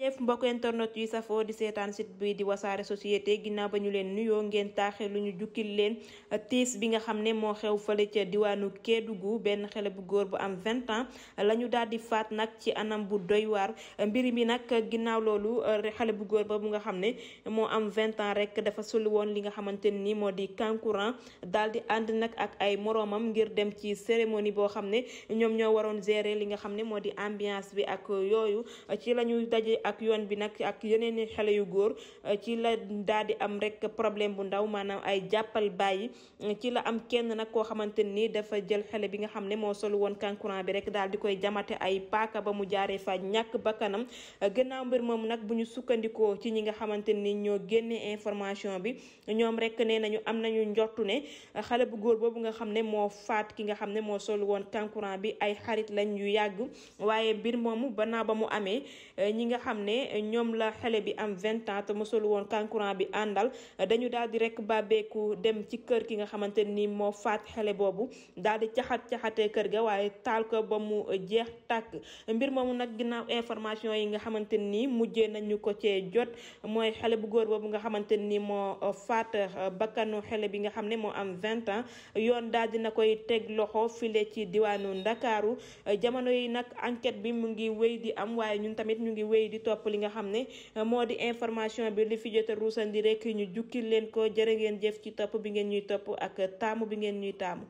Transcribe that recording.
jëf mbokk internet yi safoo di seetaan site bi di wasaare société ginnaaw ba ñu leen nuyoo ngeen taaxe lu ñu jukkil leen tiis bi nga xam ne moo xew fële ca diwaanu Kédougou benn xale bu góor bu am 20 ans la ñu daal di faat nag ci anam bu doy waar mbir mi nag ginnaaw loolu eh, xale bu góor ba bu nga xam ne moo am vingt ans rek dafa soli woon li nga xamante ni moo di kankuran daal di ànd nag ak ay moroomam ngir dem ci cérémonie boo xam ne ñoom ñoo waroon gérer li nga xam ne moo di ambiance bi ak yooyu ci la ñu ak yoon bi nag ak yeneen i xale yu góor euh, ci la daal di am rek problème bu ndaw maanaam ay jàppal bàyyi euh, ci la am kenn nag koo xamante nii dafa jël xale bi nga xam ne moo sol woon kankuran bi rek daal di koy jamate ay paaka ba mu jaaree fa ñàkk bakkanam euh, gannaaw mbir moom nag bu ñu sukkandikoo ci ñi nga xamante ni ñoo génne information bi ñoom rek nee nañu am nañu njortu ne xale bu góor boobu nga xam ne moo faat ki nga xam ne moo sol woon kankuran bi ay xarit lañ yu yàgg waaye mbir moomu banaa ba mu amee ñi nga xam xam ne ñoom la xale bi am vingt ans te mosul woon kankuran bi àndal dañu daal di rek bàbbeeku dem ci kër ki nga xamante ni moo faat xale boobu daal di caxat-caxatee kër ga waaye taal ko ba mu jeex tàkk mbir moomu nag ginnaaw information yi nga xamante ni mujjee nañu ko cee jot mooy xale bu góor boobu nga xamante ni moo faat bakkanu xele bi nga xam ne moo am vingt ans yoon daal na koy teg loxo file ci diwaanu Ndakaaru jamono yi nag enquête bi mu ngi wéy di am waaye ñun tamit ñu ngi wéy di topp li nga xam ne euh, moo di information bi li fi jotal a ruusandi rek ñu jukki leen ko jërë ngeen jëf ci topp bi ngeen ñuy topp ak taamu bi ngeen ñuy taamu